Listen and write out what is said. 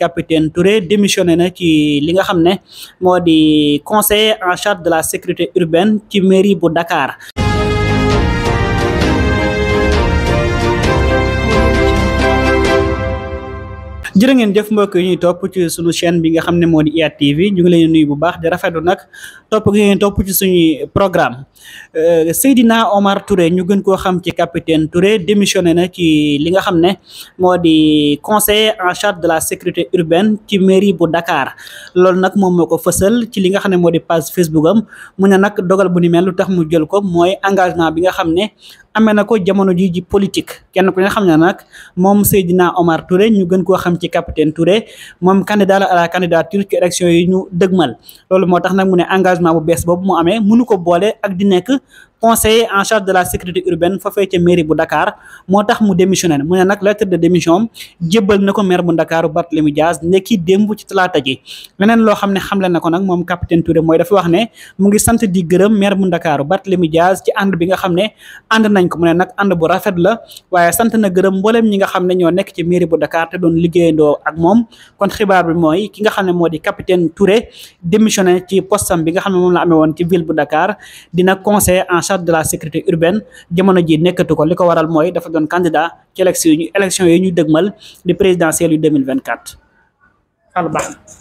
capitaine Touré démissionné na ci li nga xam ne moo di conseiller en charge de la sécurité urbaine ci mairie bu Dakar jërë ngeen jëf mbokk yi ñuy topp ci suñu chaîne bi nga xam ne moo di IYAT TV ñu ngi leen nuyu bu baax di rafetlu nag topp gi ngeen topp ci suñuy programme Euh, Seydina Omar Touré ñu gën koo xam ci capitaine Touré démissionné na ci li nga xam ne moo di conseiller en charge de la sécurité urbaine ci mairie bu Dakar loolu nag moom moo ko fësal ci li nga xam ne moo di page Facebook am mu ne nag dogal bu ni mel lu tax mu jël ko mooy engagement bi nga xam ne amee na ko jamono ji ji politique kenn ku ne xam ne nag moom Seydina Omar Touré ñu gën koo xam ci capitaine Touré moom candidat la à la ci élection yi ñu dëgmal moo tax nag bu bees boobu nekk conseiller en charge de la sécurité urbaine foofee ca mairie bu Dakar moo tax mu démissionné mu ne nag lettre de démission am na ko maire bu Dakar Barthélémy Dias nekki démb ci talaata ji leneen loo xam ne xamle na ko nag moom capitaine Touré mooy dafa wax ne mu ngi sant di gërëm maire bu Dakar Barthélémy Dias ci ànd bi nga xam ne ànd nañ ko mu ne nag ànd bu rafet la waaye sant na gërëm mboolem ñi nga xam ne ñoo nekk ci mairie bu Dakar te doon liggéeyandoo ak moom kon xibaar bi mooy ki nga xam ne moo di capitaine Touré démissionné ci postam bi nga xam ne moom la amee woon ci ville bu Dakar charge de la sécurité urbaine jamono ji nekkatu ko li ko waral mooy dafa doon candidat ci élection yi ñu élection yi ñu dëgmal di présidentielle yu 2024 al baax